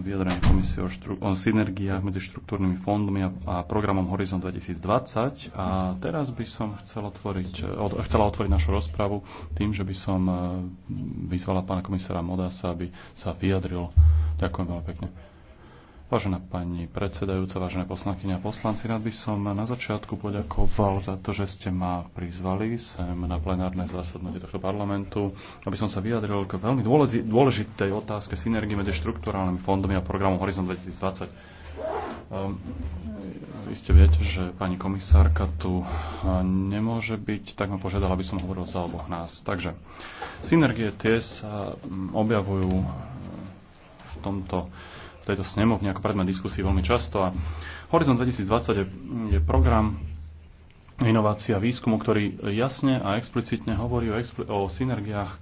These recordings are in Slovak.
vyjadrenie komisie o, štru- o synergiách medzi štruktúrnymi fondmi a, a programom Horizon 2020. A teraz by som chcel otvoriť, e, od, chcela otvoriť našu rozpravu tým, že by som e, vyzvala pána komisára Modasa, aby sa vyjadril. Ďakujem veľmi pekne. Vážená pani predsedajúca, vážené poslankyne a poslanci, rád by som na začiatku poďakoval za to, že ste ma prizvali sem na plenárne zasadnutie tohto parlamentu, aby som sa vyjadril k veľmi dôležitej otázke synergie medzi štruktúrálnymi fondami a programom Horizon 2020. Um, vy ste viete, že pani komisárka tu e, nemôže byť, tak ma požiadala, aby som hovoril za oboch nás. Takže synergie tie sa objavujú e, v tomto tejto snemovne ako predmet diskusie veľmi často. A Horizon 2020 je, je program inovácia výskumu, ktorý jasne a explicitne hovorí o, expl- o synergiách,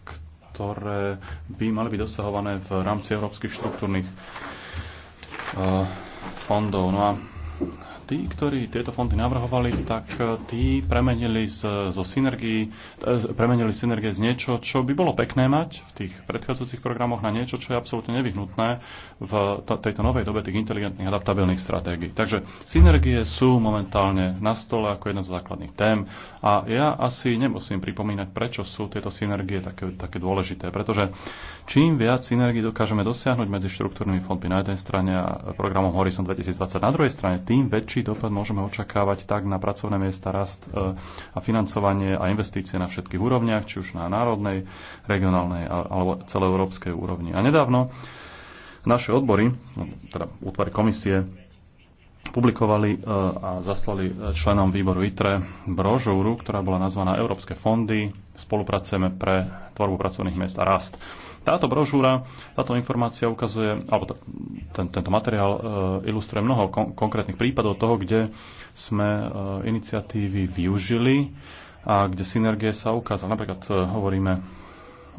ktoré by mali byť dosahované v rámci európskych štruktúrnych uh, fondov. No a tí, ktorí tieto fondy navrhovali, tak e, tí premenili z, zo synergii, e, premenili synergie z niečo, čo by bolo pekné mať v tých predchádzajúcich programoch na niečo, čo je absolútne nevyhnutné v tejto novej dobe tých inteligentných adaptabilných stratégií. Takže synergie sú momentálne na stole ako jedna z základných tém a ja asi nemusím pripomínať, prečo sú tieto synergie také, také dôležité, pretože čím viac synergií dokážeme dosiahnuť medzi štruktúrnymi fondmi na jednej strane a programom Horizon 2020 na druhej strane, tým väčšie väčší dopad môžeme očakávať tak na pracovné miesta, rast e, a financovanie a investície na všetkých úrovniach, či už na národnej, regionálnej alebo celoeurópskej úrovni. A nedávno naše odbory, no, teda útvary komisie, publikovali e, a zaslali e, členom výboru ITRE brožúru, ktorá bola nazvaná Európske fondy, spolupracujeme pre tvorbu pracovných miest a rast. Táto brožúra, táto informácia ukazuje, alebo ten, tento materiál e, ilustruje mnoho kon- konkrétnych prípadov toho, kde sme e, iniciatívy využili a kde synergie sa ukázali. Napríklad e, hovoríme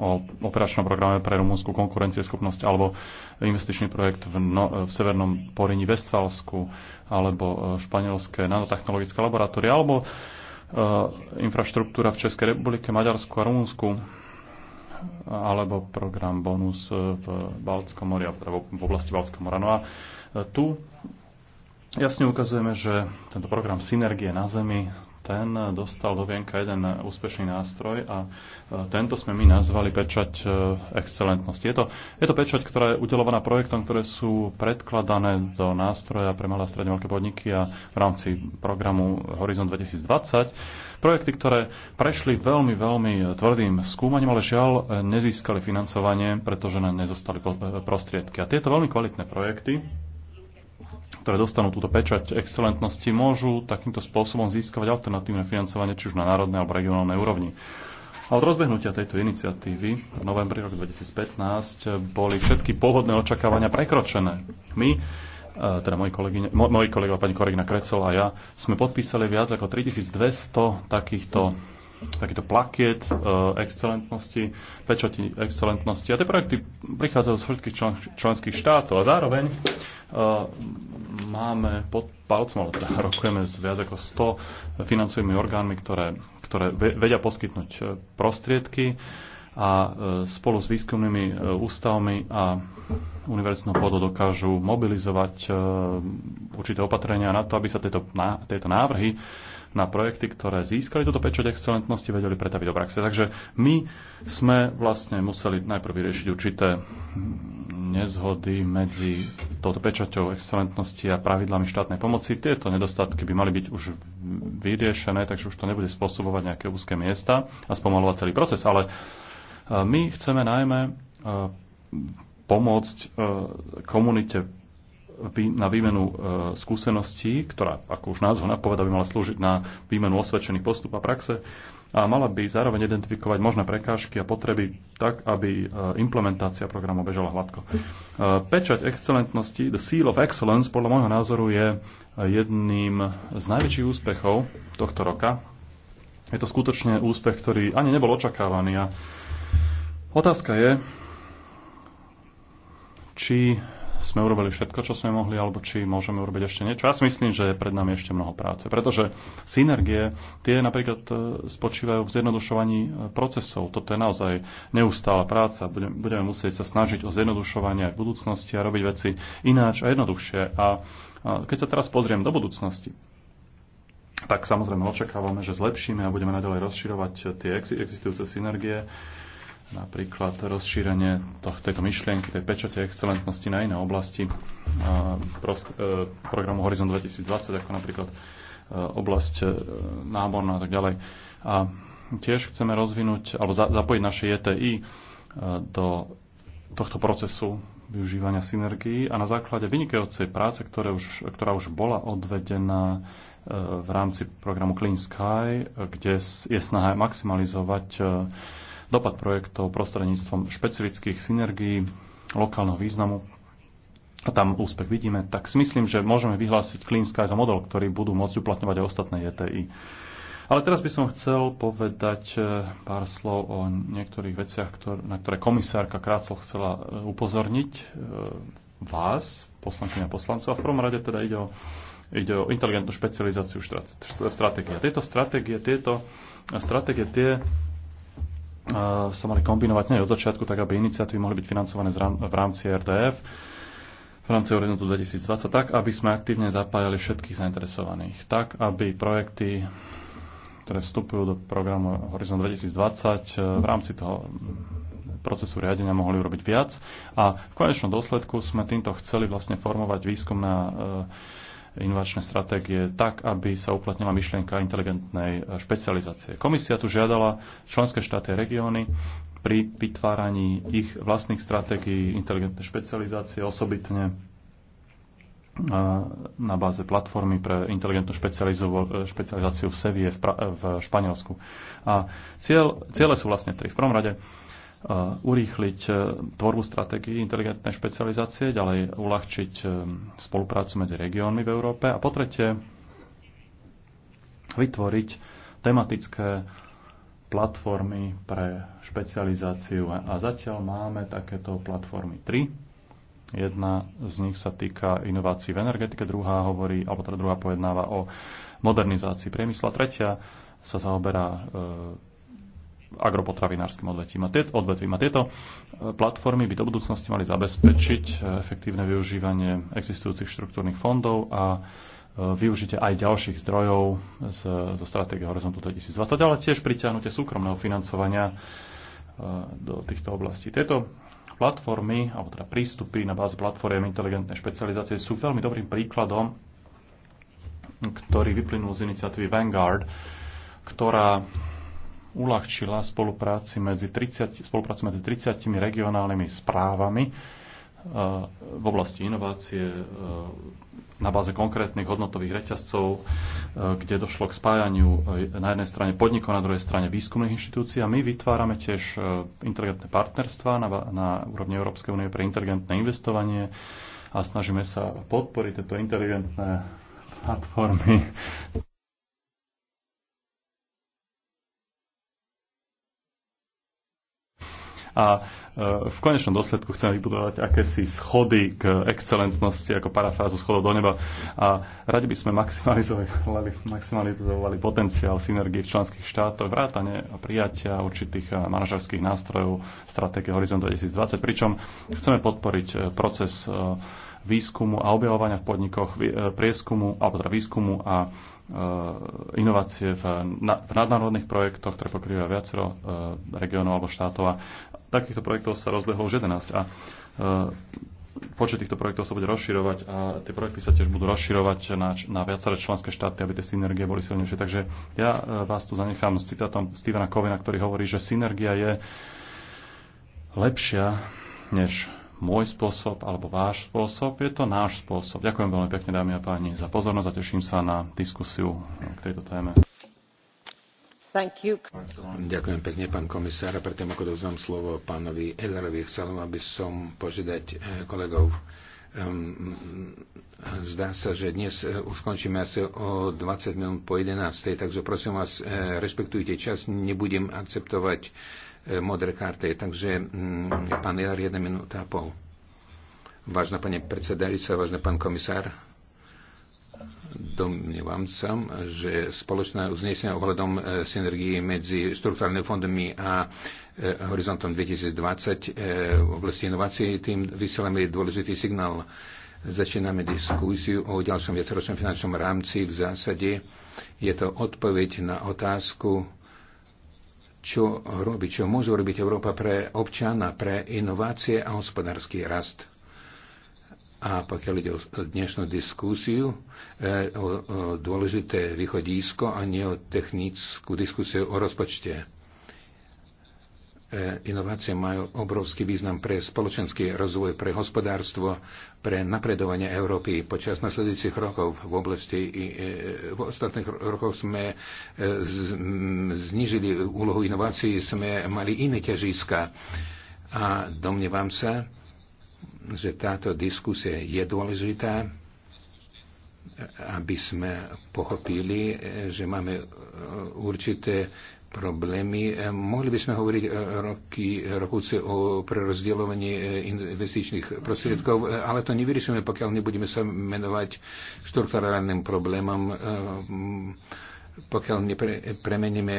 o operačnom programe pre rumúnsku konkurencieschopnosť alebo investičný projekt v, no, v Severnom Porini Vestfalsku alebo španielské nanotechnologické laboratórie alebo uh, infraštruktúra v Českej republike, Maďarsku a Rumúnsku alebo program Bonus v Baltskom mori, alebo teda v oblasti Baltského mora. No a e, tu jasne ukazujeme, že tento program Synergie na Zemi ten dostal do vienka jeden úspešný nástroj a e, tento sme my nazvali pečať e, excelentnosti. Je to, je to pečať, ktorá je udelovaná projektom, ktoré sú predkladané do nástroja pre malé a stredne veľké podniky a v rámci programu Horizon 2020 projekty, ktoré prešli veľmi, veľmi tvrdým skúmaním, ale žiaľ nezískali financovanie, pretože na nezostali prostriedky. A tieto veľmi kvalitné projekty, ktoré dostanú túto pečať excelentnosti, môžu takýmto spôsobom získavať alternatívne financovanie, či už na národnej alebo regionálnej úrovni. A od rozbehnutia tejto iniciatívy v novembri roku 2015 boli všetky pôvodné očakávania prekročené. My Eh, teda moji, kolegyne, moji kolega, pani kolegyna Krecel a ja, sme podpísali viac ako 3200 takýchto takýto plakiet eh, excelentnosti, pečoti excelentnosti. A tie projekty prichádzajú z všetkých člen, členských štátov. A zároveň uh, máme pod palcom, ale teda rokujeme s viac ako 100 financujúcimi orgánmi, ktoré, ktoré vedia poskytnúť prostriedky. Uh, a e, spolu s výskumnými e, ústavmi a univerzitnou pôdou dokážu mobilizovať e, určité opatrenia na to, aby sa tieto, na, tieto návrhy na projekty, ktoré získali toto pečať excelentnosti, vedeli pretaviť do praxe. Takže my sme vlastne museli najprv vyriešiť určité nezhody medzi touto pečaťou excelentnosti a pravidlami štátnej pomoci. Tieto nedostatky by mali byť už vyriešené, takže už to nebude spôsobovať nejaké úzke miesta a spomalovať celý proces. Ale my chceme najmä pomôcť komunite na výmenu skúseností, ktorá, ako už názov napoveda, by mala slúžiť na výmenu osvedčených postup a praxe a mala by zároveň identifikovať možné prekážky a potreby tak, aby implementácia programu bežala hladko. Pečať excelentnosti, the seal of excellence, podľa môjho názoru je jedným z najväčších úspechov tohto roka. Je to skutočne úspech, ktorý ani nebol očakávaný a Otázka je, či sme urobili všetko, čo sme mohli, alebo či môžeme urobiť ešte niečo. Ja si myslím, že je pred nami ešte mnoho práce, pretože synergie, tie napríklad e, spočívajú v zjednodušovaní e, procesov. Toto je naozaj neustála práca. Budeme, musieť sa snažiť o zjednodušovanie aj v budúcnosti a robiť veci ináč a jednoduchšie. A keď sa teraz pozriem do budúcnosti, tak samozrejme očakávame, že zlepšíme a budeme naďalej rozširovať tie existujúce synergie napríklad rozšírenie tejto myšlienky, tej pečate excelentnosti na iné oblasti prost, e, programu Horizon 2020, ako napríklad e, oblasť e, náborná a tak ďalej. A tiež chceme rozvinúť alebo za, zapojiť naše JTI do tohto procesu využívania synergií a na základe vynikajúcej práce, ktoré už, ktorá už bola odvedená v rámci programu Clean Sky, kde je snaha maximalizovať dopad projektov prostredníctvom špecifických synergií lokálneho významu a tam úspech vidíme, tak si myslím, že môžeme vyhlásiť Clean Sky za model, ktorý budú môcť uplatňovať aj ostatné JTI. E Ale teraz by som chcel povedať eh, pár slov o niektorých veciach, na ktoré komisárka Krácel chcela eh, upozorniť eh, vás, poslankyňa a poslancov. A v prvom rade teda ide o, ide o inteligentnú špecializáciu stratégie. Tieto stratégie, tieto stratégie tie sa mali kombinovať nie od začiatku, tak aby iniciatívy mohli byť financované v rámci RDF, v rámci Orientu 2020, tak aby sme aktívne zapájali všetkých zainteresovaných, tak aby projekty, ktoré vstupujú do programu Horizon 2020 e, v rámci toho procesu riadenia mohli urobiť viac. A v konečnom dôsledku sme týmto chceli vlastne formovať výskum na e, inovačné stratégie tak, aby sa uplatnila myšlienka inteligentnej e, špecializácie. Komisia tu žiadala členské štáty a regióny pri vytváraní ich vlastných stratégií inteligentnej špecializácie osobitne e, na báze platformy pre inteligentnú e, špecializáciu v Sevie v, pra- v Španielsku. A cieľ, ciele sú vlastne tri. V prvom rade Eh, urýchliť eh, tvorbu stratégií inteligentnej špecializácie, ďalej uľahčiť eh, spoluprácu medzi regiónmi v Európe a po tretie vytvoriť tematické platformy pre špecializáciu. A zatiaľ máme takéto platformy tri. Jedna z nich sa týka inovácií v energetike, druhá hovorí, alebo teda druhá pojednáva o modernizácii priemysla, tretia sa zaoberá agropotravinárskym odvetvím. A tieto, odvetvím. A tieto platformy by do budúcnosti mali zabezpečiť e, efektívne využívanie existujúcich štruktúrnych fondov a e, využite aj ďalších zdrojov z, zo stratégie Horizontu 2020, ale tiež priťahnutie súkromného financovania e, do týchto oblastí. Tieto platformy, alebo teda prístupy na báze platformiem inteligentnej špecializácie sú veľmi dobrým príkladom, ktorý vyplynul z iniciatívy Vanguard, ktorá uľahčila spolupráci medzi 30, spoluprácu medzi 30 regionálnymi správami e, v oblasti inovácie e, na báze konkrétnych hodnotových reťazcov, e, kde došlo k spájaniu na jednej strane podnikov, na druhej strane výskumných inštitúcií. A my vytvárame tiež inteligentné partnerstva na, na úrovni Európskej únie pre inteligentné investovanie a snažíme sa podporiť tieto inteligentné platformy a e, v konečnom dôsledku chceme vybudovať akési schody k excelentnosti, ako parafrázu schodov do neba a radi by sme maximalizovali, maximalizovali potenciál synergie v členských štátoch, vrátane a prijatia určitých e, manažerských nástrojov stratégie Horizon 2020, pričom chceme podporiť e, proces výskumu a objavovania v podnikoch prieskumu, alebo teda výskumu a Eh, inovácie v, na, v nadnárodných projektoch, ktoré pokrývajú viacero uh, regiónov alebo štátov. A takýchto projektov sa rozbehlo už 11 a uh, počet týchto projektov sa bude rozširovať a tie projekty sa tiež budú rozširovať na, na viaceré členské štáty, aby tie synergie boli silnejšie. Takže ja vás tu zanechám s citátom Stevena Kovina, ktorý hovorí, že synergia je lepšia než môj spôsob alebo váš spôsob, je to náš spôsob. Ďakujem veľmi pekne, dámy a páni, za pozornosť a teším sa na diskusiu k tejto téme. Ďakujem pekne, pán komisár. A predtým, ako dovzdám slovo pánovi Ellerovi, chcel aby som požiadať eh, kolegov Um, Zdá sa, že dnes e, už končíme asi o 20 minút po 11. Takže prosím vás, e, rešpektujte čas, nebudem akceptovať e, modré karty. Takže um, pán Jar, jedna minúta a pol. Vážna pani predsedajúca, vážna pán komisár, domnievam sa, že spoločné uznesenie ohľadom synergie medzi štruktúrnymi fondami a E, horizontom 2020 e, v oblasti inovácií. Tým vysielame dôležitý signál. Začíname diskusiu o ďalšom viacročnom finančnom rámci. V zásade je to odpoveď na otázku, čo robí, čo môže robiť Európa pre občana, pre inovácie a hospodársky rast. A pokiaľ ide o dnešnú diskusiu, e, o dôležité východisko a nie o technickú diskusiu o rozpočte E, inovácie majú obrovský význam pre spoločenský rozvoj, pre hospodárstvo, pre napredovanie Európy. Počas nasledujúcich rokov v oblasti i e, e, v ostatných rokoch sme znižili úlohu inovácií, sme mali iné ťažiska. A domnievam sa, že táto diskusia je dôležitá, aby sme pochopili, že máme určité problémy. E, mohli by sme hovoriť e, roky, rokúce o prerozdielovaní e, investičných prostriedkov, ale to nevyriešime, pokiaľ nebudeme sa menovať štrukturálnym problémom, pokiaľ nepremeníme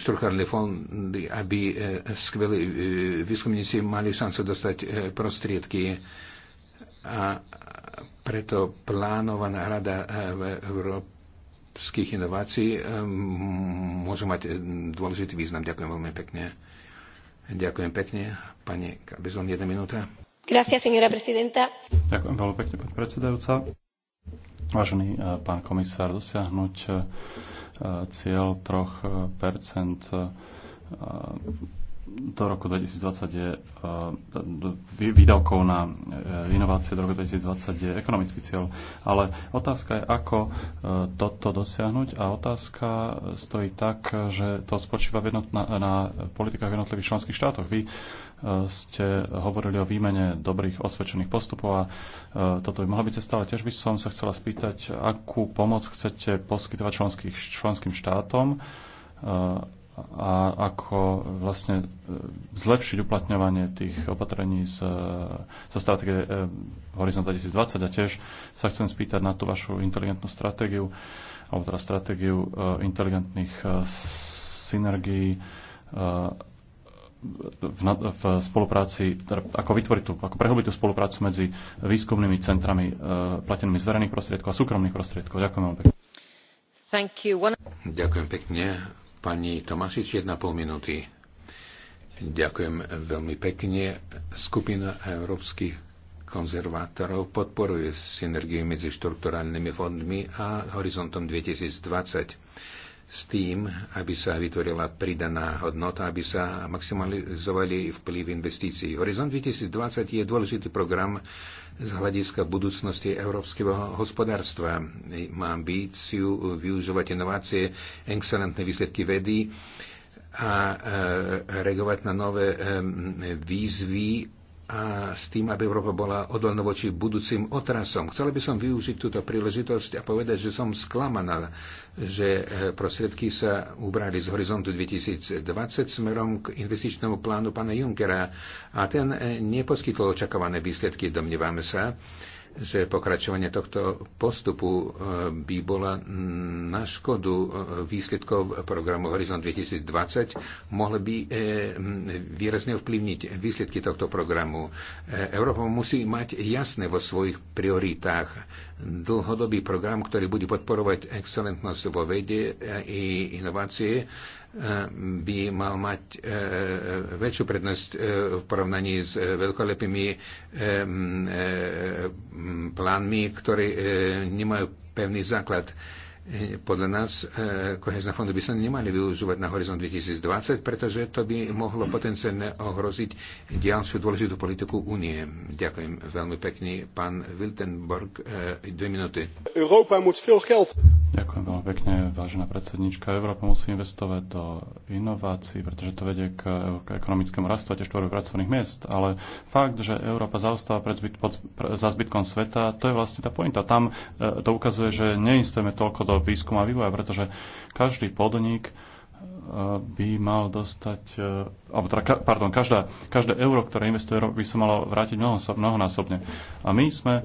štrukturálne fondy, aby skvelí výskumníci mali šancu dostať prostriedky. A preto plánovaná rada v Európe európskych inovácií eh, môžu mať eh, dôležitý význam. Ďakujem veľmi pekne. Ďakujem pekne. Pani Kabezon, jedna minúta. Gracias, señora presidenta. Ďakujem veľmi pekne, pani predsedajúca. Vážený eh, pán komisár, dosiahnuť cieľ troch percent do roku 2020 je e, výdavkov na e, inovácie do roku 2020 je ekonomický cieľ. Ale otázka je, ako e, toto dosiahnuť a otázka stojí tak, že to spočíva v jednotna, na politikách jednotlivých členských štátoch. Vy ste hovorili o výmene dobrých osvedčených postupov a toto by mohla byť cesta, ale tiež by som sa chcela spýtať, akú pomoc chcete poskytovať členským štátom a ako vlastne e, zlepšiť uplatňovanie tých opatrení z, e, zo stratégie e, Horizon 2020 a tiež sa chcem spýtať na tú vašu inteligentnú stratégiu, alebo teda stratégiu inteligentných synergií v, v spolupráci, teda ako vytvoriť tú, ako prehlbiť tú spoluprácu medzi výskumnými centrami platenými z verejných prostriedkov a súkromných prostriedkov. Ďakujem veľmi pekne. Ďakujem pekne. Pani Tomašič, jedna pol minúty. Ďakujem veľmi pekne. Skupina európskych konzervátorov podporuje synergiu medzi štrukturálnymi fondmi a horizontom 2020 s tým, aby sa vytvorila pridaná hodnota, aby sa maximalizovali vplyv investícií. Horizont 2020 je dôležitý program z hľadiska budúcnosti európskeho hospodárstva. Má ambíciu využívať inovácie, excelentné výsledky vedy a e, reagovať na nové e, výzvy a s tým, aby Európa bola odolná voči budúcim otrasom. Chcela by som využiť túto príležitosť a povedať, že som sklamaná, že eh, prostriedky sa ubrali z horizontu 2020 smerom k investičnému plánu pána Junckera a ten eh, neposkytol očakávané výsledky, domnievame sa že pokračovanie tohto postupu e, by bola na škodu e, výsledkov programu Horizon 2020, mohlo by e, výrazne ovplyvniť výsledky tohto programu. Európa musí mať jasné vo svojich prioritách dlhodobý program, ktorý bude podporovať excelentnosť vo vede i inovácie, by mal mať e, e, väčšiu prednosť e, v porovnaní s veľkolepými plánmi, ktoré nemajú pevný základ. Eh, podľa nás eh, kohezné fondy by sa nemali využívať na horizont 2020, pretože to by mohlo potenciálne ohroziť ďalšiu dôležitú politiku únie. Ďakujem veľmi pekne. Pán Wiltenborg, eh, dve minúty. Európa geld. Ďakujem veľmi pekne, vážená predsednička. Európa musí investovať do inovácií, pretože to vedie k ekonomickému rastu a tiež tvorbe pracovných miest. Ale fakt, že Európa zaostáva pred zbyt, pod, pre, za zbytkom sveta, to je vlastne tá pointa. Tam to ukazuje, že neinvestujeme toľko do tohto a vývoja, pretože každý podnik eh, by mal dostať, eh, alebo teda, pardon, každá, každé euro, ktoré investuje, by sa malo vrátiť mnohonásobne. A my sme eh,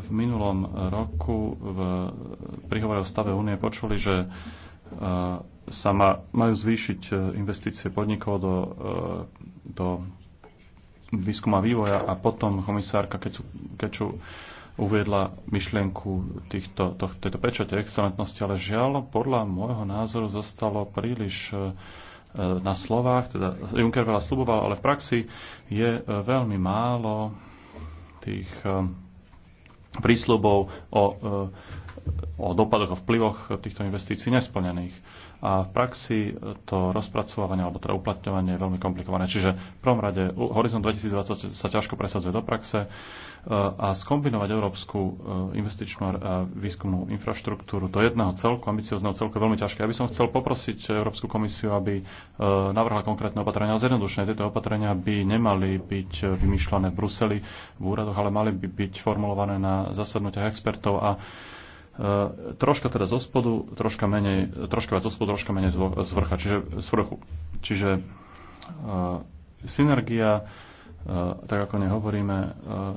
v minulom roku v prihovore o stave únie počuli, že sa ma, majú zvýšiť investície podnikov do, do výskuma vývoja a potom komisárka Keču, Keču uviedla myšlienku týchto, to, tejto pečate excelentnosti, ale žiaľ, podľa môjho názoru zostalo príliš e, na slovách, teda Juncker veľa sluboval, ale v praxi je e, veľmi málo tých e, prísľubov o, o dopadoch, o vplyvoch týchto investícií nesplnených a v praxi to rozpracovanie alebo teda uplatňovanie je veľmi komplikované. Čiže v prvom rade Horizon 2020 sa ťažko presadzuje do praxe eh, a skombinovať európsku eh, investičnú a výskumnú infraštruktúru do jedného celku, ambiciozného celku je veľmi ťažké. Ja by som chcel poprosiť Európsku komisiu, aby eh, navrhla konkrétne opatrenia a zjednodušené tieto opatrenia by nemali byť vymýšľané v Bruseli v úradoch, ale mali by byť formulované na zasadnutiach expertov a E, troška teda zo spodu, troška menej, troška viac zo spodu, troška menej z vrcha, čiže z vrchu. Čiže uh, synergia, uh, tak ako nehovoríme, uh,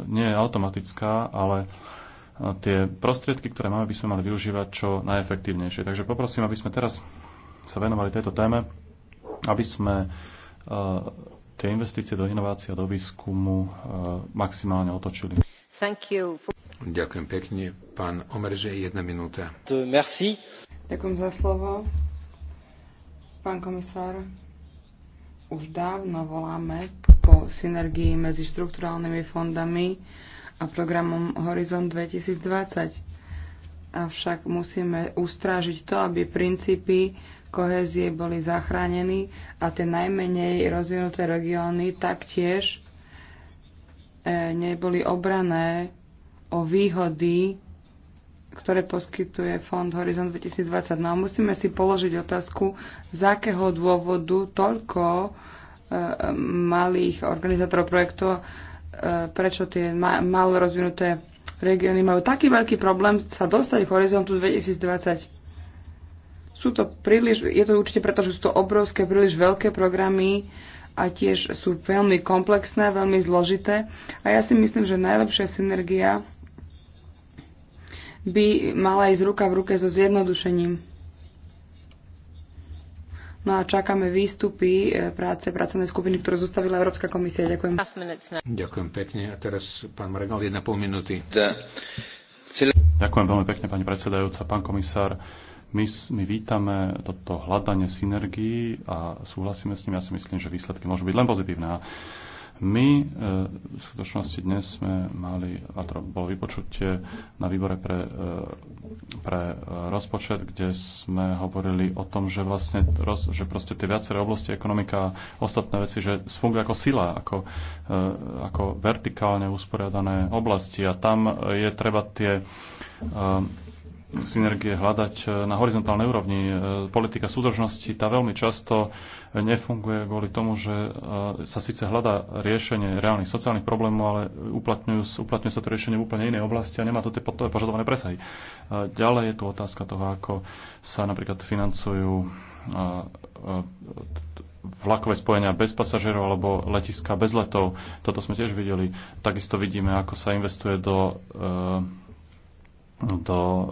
nie je automatická, ale tie prostriedky, ktoré máme, by sme mali využívať čo najefektívnejšie. Takže poprosím, aby sme teraz sa venovali tejto téme, aby sme uh, tie investície do inovácie a do výskumu uh, maximálne otočili. Thank you. For... Ďakujem pekne. Pán Omerže, jedna minúta. Merci. Ďakujem za slovo. Pán komisár, už dávno voláme po synergii medzi štrukturálnymi fondami a programom Horizon 2020 avšak musíme ustrážiť to, aby princípy kohézie boli zachránení a tie najmenej rozvinuté regióny taktiež eh, neboli obrané o výhody, ktoré poskytuje Fond Horizon 2020. No a musíme si položiť otázku, z akého dôvodu toľko e, malých organizátorov projektov, e, prečo tie ma- malo rozvinuté regióny majú taký veľký problém sa dostať k horizontu 2020. Sú to príliš, je to určite preto, že sú to obrovské, príliš veľké programy, a tiež sú veľmi komplexné, veľmi zložité. A ja si myslím, že najlepšia synergia by mala ísť ruka v ruke so zjednodušením. No a čakáme výstupy e, práce pracovnej skupiny, ktorú zostavila Európska komisia. Ďakujem. Ďakujem pekne. A teraz pán Margal, jedna pol minúty. Ďakujem veľmi pekne, pani predsedajúca, pán komisár. My, my vítame toto hľadanie synergií a súhlasíme s ním. Ja si myslím, že výsledky môžu byť len pozitívne. My e, v skutočnosti dnes sme mali, a to bolo vypočutie na výbore pre, e, pre e, rozpočet, kde sme hovorili o tom, že vlastne roz, že proste tie viaceré oblasti ekonomika a ostatné veci, že fungujú ako sila, ako, ako vertikálne usporiadané oblasti a tam je treba tie synergie hľadať e, na horizontálnej úrovni. E, politika súdržnosti tá veľmi často nefunguje kvôli tomu, že e, sa síce hľadá riešenie reálnych sociálnych problémov, ale uplatňujú, uplatňuje sa to riešenie v úplne inej oblasti a nemá to tie požadované presahy. Ďalej je tu otázka toho, ako sa napríklad financujú vlakové spojenia bez pasažierov alebo letiska bez letov. Toto sme tiež videli. Takisto vidíme, ako sa investuje do do e,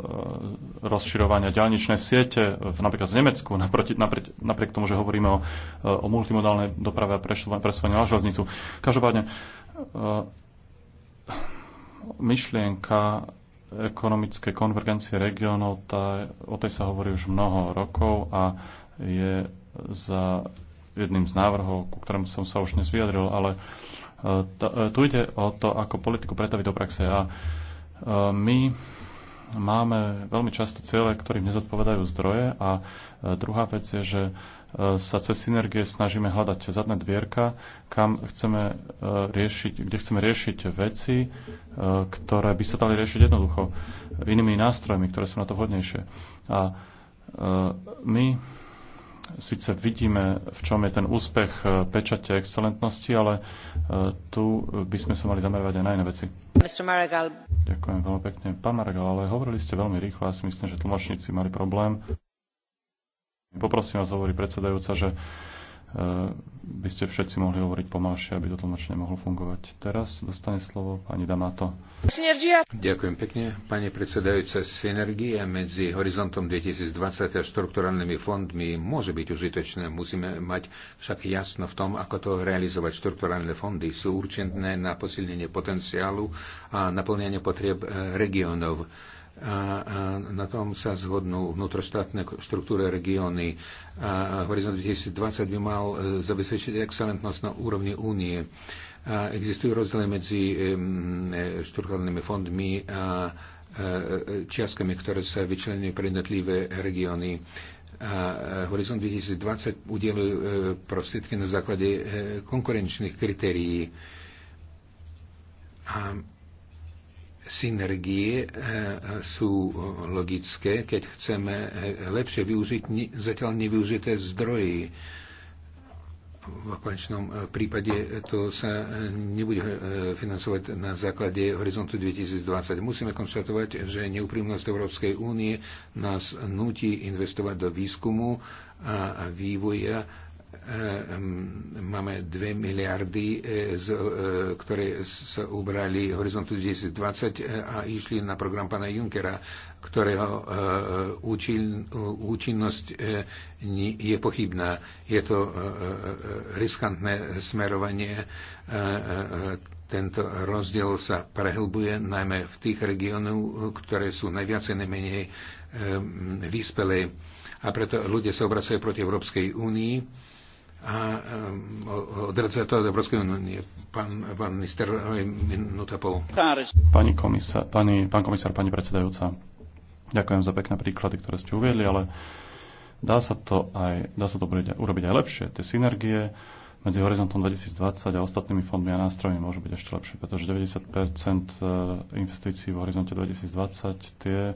rozširovania ďalničnej siete v, napríklad v Nemecku, naproti, napriek, napriek tomu, že hovoríme o, e, o multimodálnej doprave a presúvaní na železnicu. Každopádne, e, myšlienka ekonomickej konvergencie regiónov, tá, o tej sa hovorí už mnoho rokov a je za jedným z návrhov, ku ktorému som sa už dnes vyjadril, ale tu ide o to, ako politiku pretaviť do praxe. A my máme veľmi často ciele, ktorým nezodpovedajú zdroje a e, druhá vec je, že e, sa cez synergie snažíme hľadať zadné dvierka, kam chceme e, riešiť, kde chceme riešiť veci, ktoré by sa dali riešiť jednoducho inými nástrojmi, ktoré sú na to vhodnejšie. A my síce vidíme, v čom je ten úspech pečate excelentnosti, ale tu by sme sa mali zamerovať aj na iné veci. Ďakujem veľmi pekne. Pán Maragal, ale hovorili ste veľmi rýchlo. Ja si myslím, že tlmočníci mali problém. Poprosím vás, hovorí predsedajúca, že Eh, by ste všetci mohli hovoriť pomalšie, aby to tlmočne mohlo fungovať. Teraz dostane slovo pani Damato. Synergia. Ďakujem pekne. Pani predsedajúca, synergia medzi Horizontom 2020 a štrukturálnymi fondmi môže byť užitočná. Musíme mať však jasno v tom, ako to realizovať. Štrukturálne fondy sú určené na posilnenie potenciálu a naplňanie potrieb regiónov a a na tom sa zhodnú vnútroštátne štruktúry regióny. A Horizont 2020 by mal e, zabezpečiť excelentnosť na úrovni únie. A existujú rozdiely medzi e, štruktúrnymi fondmi a e, čiastkami, ktoré sa vyčlenujú pre jednotlivé regióny. A Horizont 2020 udeluje prostriedky na základe konkurenčných kritérií. A synergie eh, sú logické, keď chceme eh, lepšie využiť zatiaľ nevyužité zdroje. V konečnom eh, prípade to sa nebude financovať na základe horizontu 2020. Musíme konštatovať, že neúprimnosť Európskej únie nás nutí investovať do výskumu a vývoja Ehm, máme 2 miliardy, e, e, ktoré sa ubrali horizontu 2020 e, a išli na program pana Junkera, ktorého účinnosť je pochybná. Je to riskantné smerovanie. Tento rozdiel sa prehlbuje najmä v tých regiónoch, ktoré sú najviac najmenej vyspelé. A preto ľudia sa obracajú proti Európskej únii a ehm, odradzuje to od Európskej únie. Pán, pán minister, minúta pol. Pani komisár, pani, pán komisár, pani predsedajúca, ďakujem za pekné príklady, ktoré ste uviedli, ale dá sa to, aj, dá sa to urobiť aj lepšie. Tie synergie medzi Horizontom 2020 a ostatnými fondmi a nástrojmi môžu byť ešte lepšie, pretože 90 e, investícií v Horizonte 2020 tie e,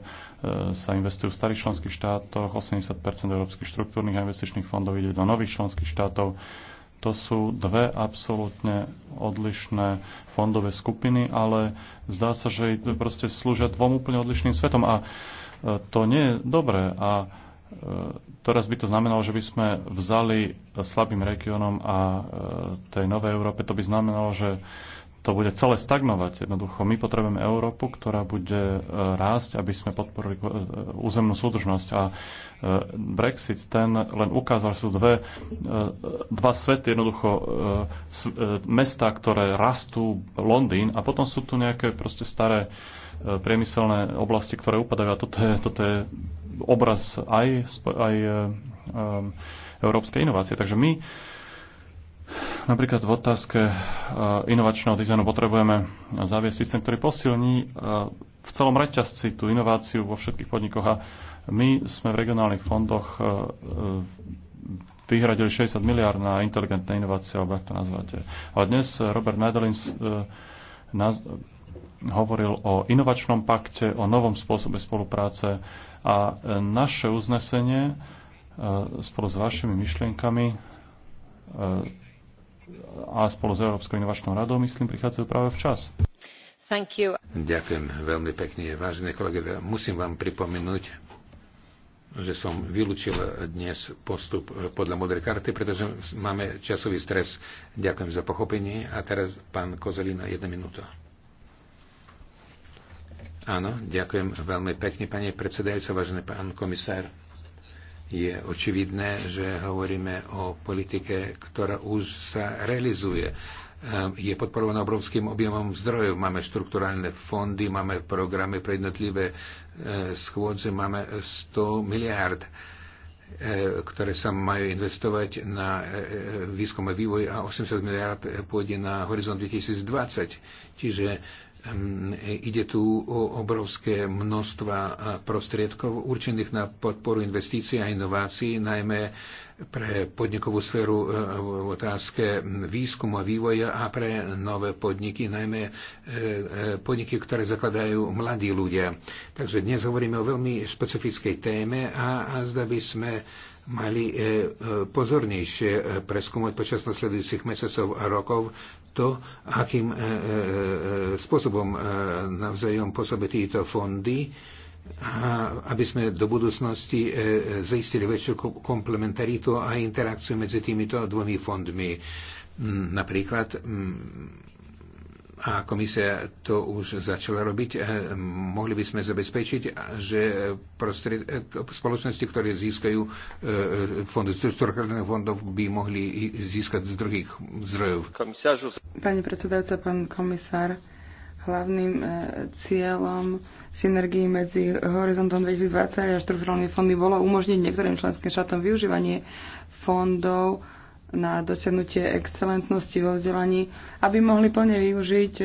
sa investujú v starých členských štátoch, 80 európskych štruktúrnych a investičných fondov ide do nových členských štátov. To sú dve absolútne odlišné fondové skupiny, ale zdá sa, že proste slúžia dvom úplne odlišným svetom a e, to nie je dobré. A E, teraz by to znamenalo, že by sme vzali slabým regiónom a e, tej novej Európe, to by znamenalo, že to bude celé stagnovať. Jednoducho, my potrebujeme Európu, ktorá bude e, rásť, aby sme podporili územnú súdržnosť. A Brexit, ten len ukázal, že sú dve, dva svety. Jednoducho, mesta, ktoré rastú, Londýn, a potom sú tu nejaké proste staré priemyselné oblasti, ktoré upadajú. A toto je, toto je obraz aj, aj e, e, európskej inovácie. Takže my napríklad v otázke e, inovačného dizajnu potrebujeme zaviesť systém, ktorý posilní v celom reťazci tú inováciu vo všetkých podnikoch a my sme v regionálnych fondoch vyhradili 60 miliard na inteligentné inovácie, alebo ako to nazvate. A dnes Robert Madelins hovoril o inovačnom pakte, o novom spôsobe spolupráce a e, naše uznesenie e, spolu s vašimi myšlienkami e, a spolu s Európskou inovačnou radou, myslím, prichádzajú práve včas. Thank you. Ďakujem veľmi pekne, vážené kolegovia. Musím vám pripomenúť, že som vylúčil dnes postup podľa modrej karty, pretože máme časový stres. Ďakujem za pochopenie. A teraz pán Kozelina, jedna minúta. Áno, ďakujem veľmi pekne, pani predsedajúca, vážený pán komisár. Je očividné, že hovoríme o politike, ktorá už sa realizuje. Ehm, je podporovaná obrovským objemom zdrojov. Máme štrukturálne fondy, máme programy pre jednotlivé e, schôdze, máme 100 miliárd e, ktoré sa majú investovať na e, výskum a vývoj a 80 miliard pôjde na horizont 2020. Čiže Hm, ide tu o obrovské množstva eh, prostriedkov určených na podporu investícií a inovácií, najmä pre podnikovú sféru eh, v otázke výskumu a vývoja a pre nové podniky, najmä eh, podniky, ktoré zakladajú mladí ľudia. Takže dnes hovoríme o veľmi špecifickej téme a, a zda by sme mali pozornejšie preskúmať počas nasledujúcich mesiacov a rokov to, akým e, e, e, spôsobom navzájom pôsobia tieto fondy, aby sme do budúcnosti zaistili väčšiu komplementaritu a interakciu medzi týmito dvomi fondmi. Napríklad a komisia to už začala robiť, e, mohli by sme zabezpečiť, že prostred, spoločnosti, ktoré získajú e, fondy z štruktúrnych fondov, by mohli získať z druhých zdrojov. Pani predsedajúca, pán komisár, hlavným e, cieľom synergii medzi Horizontom 2020 a štruktúrnymi fondy bolo umožniť niektorým členským štátom využívanie fondov na dosiahnutie excelentnosti vo vzdelaní. Aby mohli plne využiť e,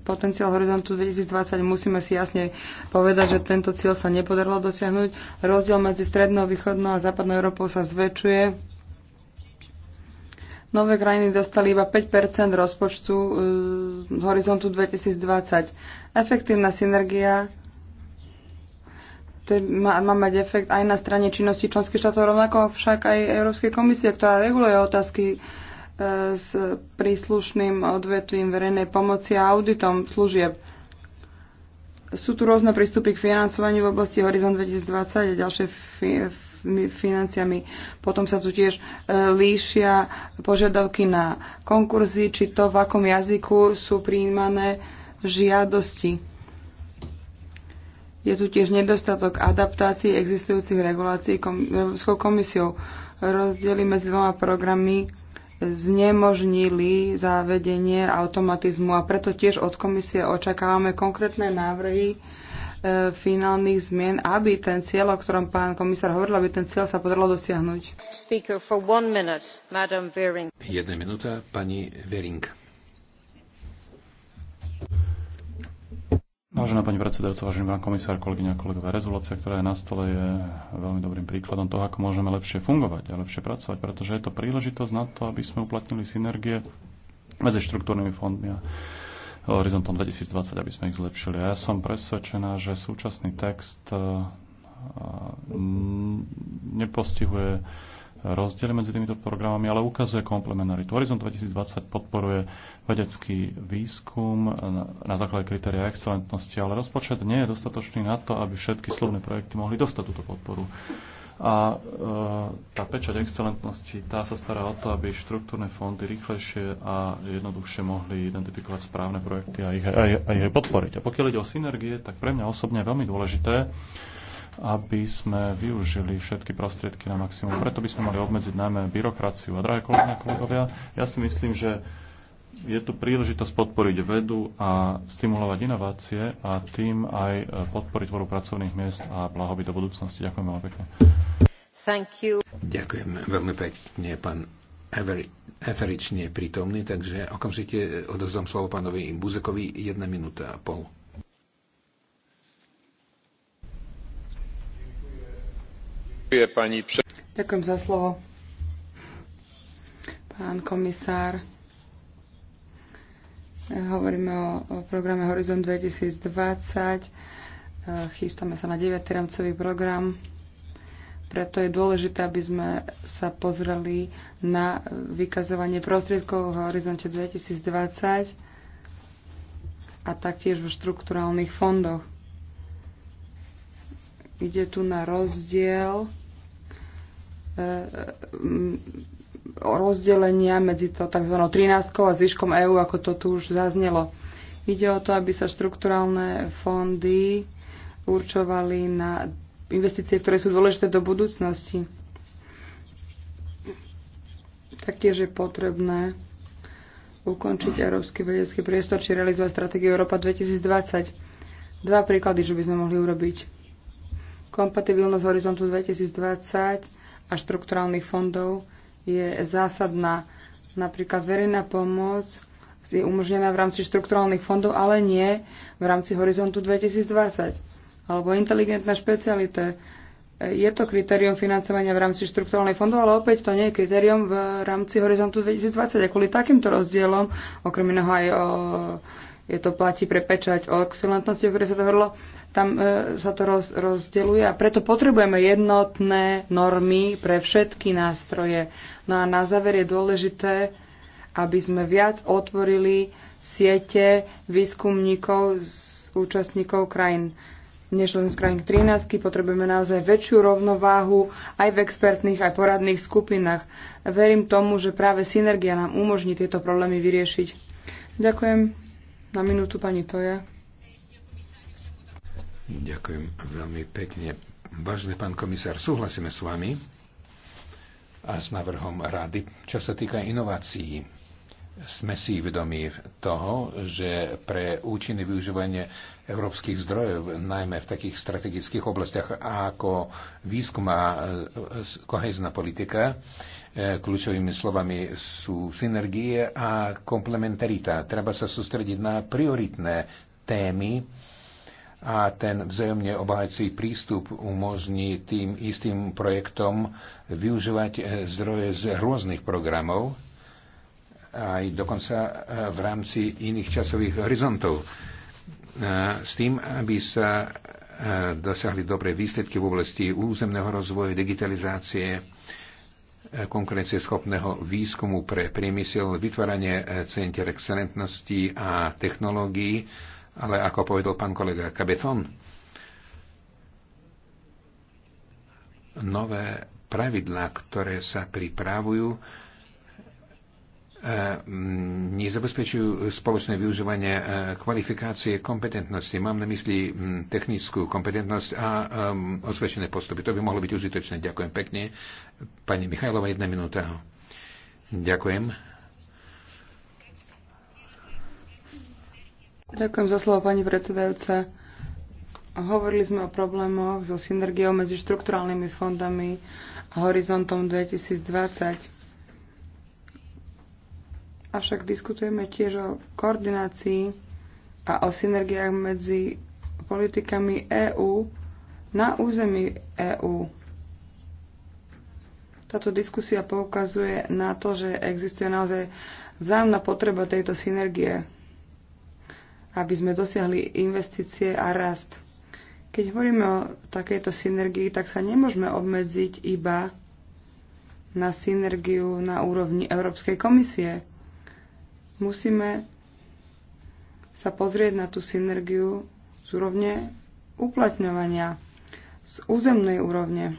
potenciál horizontu 2020, musíme si jasne povedať, že tento cieľ sa nepodarilo dosiahnuť. Rozdiel medzi strednou, východnou a západnou Európou sa zväčšuje. Nové krajiny dostali iba 5 rozpočtu e, horizontu 2020. Efektívna synergia má, má mať efekt aj na strane činnosti členských štátov, rovnako však aj Európskej komisie, ktorá reguluje otázky e, s príslušným odvetvím verejnej pomoci a auditom služieb. Sú tu rôzne prístupy k financovaniu v oblasti Horizon 2020 a ďalšie fi, financiami. Potom sa tu tiež e, líšia požiadavky na konkurzy, či to, v akom jazyku sú príjmané žiadosti je tu tiež nedostatok adaptácií existujúcich regulácií kom- Európskou komisiou. Rozdiely medzi dvoma programmi znemožnili zavedenie automatizmu a preto tiež od komisie očakávame konkrétne návrhy e, finálnych zmien, aby ten cieľ, o ktorom pán komisár hovoril, aby ten cieľ sa podarilo dosiahnuť. Jedna minúta, pani Vering. Vážená pani predsedajúca, vážený pán komisár, kolegyňa a kolegové, rezolúcia, ktorá je na stole, je veľmi dobrým príkladom toho, ako môžeme lepšie fungovať a lepšie pracovať, pretože je to príležitosť na to, aby sme uplatnili synergie medzi štruktúrnymi fondmi a horizontom 2020, aby sme ich zlepšili. A ja som presvedčená, že súčasný text eh, nepostihuje Rozdiel medzi týmito programami, ale ukazuje komplementaritu. Horizon 2020 podporuje vedecký výskum na základe kritéria excelentnosti, ale rozpočet nie je dostatočný na to, aby všetky slovné projekty mohli dostať túto podporu. A e, tá pečať excelentnosti, tá sa stará o to, aby štruktúrne fondy rýchlejšie a jednoduchšie mohli identifikovať správne projekty a ich, aj, a ich podporiť. A pokiaľ ide o synergie, tak pre mňa osobne je veľmi dôležité, aby sme využili všetky prostriedky na maximum. Preto by sme mali obmedziť najmä byrokraciu. A drahé kolegyne a kolegovia, ja si myslím, že je tu príležitosť podporiť vedu a stimulovať inovácie a tým aj podporiť tvorbu pracovných miest a blahobyt do budúcnosti. Ďakujem veľmi pekne. Thank you. Ďakujem veľmi pekne, pán Etheridge nie je prítomný, takže okamžite odozdám slovo pánovi Buzekovi, jedna minúta a pol. Ďakujem za slovo. Pán komisár, hovoríme o, programe Horizon 2020. E, chystáme sa na 9. rámcový program. Preto je dôležité, aby sme sa pozreli na vykazovanie prostriedkov v horizonte 2020 a taktiež v štrukturálnych fondoch. Ide tu na rozdiel e, rozdelenia medzi to tzv. 13 a zvyškom EÚ, ako to tu už zaznelo. Ide o to, aby sa štrukturálne fondy určovali na investície, ktoré sú dôležité do budúcnosti. Taktiež je potrebné ukončiť Európsky vedecký priestor či realizovať stratégiu Európa 2020. Dva príklady, že by sme mohli urobiť. Kompatibilnosť horizontu 2020 a štrukturálnych fondov je zásadná. Napríklad verejná pomoc je umožnená v rámci štrukturálnych fondov, ale nie v rámci horizontu 2020. Alebo inteligentná špecialita. Je to kritérium financovania v rámci štrukturálnych fondov, ale opäť to nie je kritérium v rámci horizontu 2020. A kvôli takýmto rozdielom, okrem iného aj o, je to platí pre pečať o excelentnosti, o ktorej sa to hovorilo, tam e, sa to roz, rozdeluje a preto potrebujeme jednotné normy pre všetky nástroje. No a na záver je dôležité, aby sme viac otvorili siete výskumníkov z účastníkov krajín než len z krajín 13. Potrebujeme naozaj väčšiu rovnováhu aj v expertných, aj poradných skupinách. Verím tomu, že práve synergia nám umožní tieto problémy vyriešiť. Ďakujem. Na minútu pani Toja. Ďakujem veľmi pekne. Vážený pán komisár, súhlasíme s vami a s návrhom rady. Čo sa týka inovácií, sme si vedomi toho, že pre účinné využívanie európskych zdrojov, najmä v takých strategických oblastiach ako výskum a e, kohezná politika, e, kľúčovými slovami sú synergie a komplementarita. Treba sa sústrediť na prioritné témy, a ten vzájomne obohajcí prístup umožní tým istým projektom využívať eh, zdroje z rôznych programov aj dokonca eh, v rámci iných časových horizontov. Eh, s tým, aby sa dosiahli dobré výsledky v oblasti územného rozvoja, digitalizácie, konkurencieschopného výskumu pre priemysel, vytváranie centier excelentnosti a technológií, ale ako povedal pán kolega Kabeton, nové pravidlá, ktoré sa pripravujú, eh, mm, nezabezpečujú spoločné využívanie eh, kvalifikácie kompetentnosti. Mám na mysli mm, technickú kompetentnosť a eh, osvedčené postupy. To by mohlo byť užitočné. Ďakujem pekne. Pani Michajlova, jedna minúta. Ďakujem. Ďakujem za slovo, pani predsedajúca. Hovorili sme o problémoch so synergiou medzi štrukturálnymi fondami a horizontom 2020. Avšak diskutujeme tiež o koordinácii a o synergiách medzi politikami EÚ na území EÚ. Táto diskusia poukazuje na to, že existuje naozaj vzájomná potreba tejto synergie aby sme dosiahli investície a rast. Keď hovoríme o takejto synergii, tak sa nemôžeme obmedziť iba na synergiu na úrovni Európskej komisie. Musíme sa pozrieť na tú synergiu z úrovne uplatňovania, z územnej úrovne.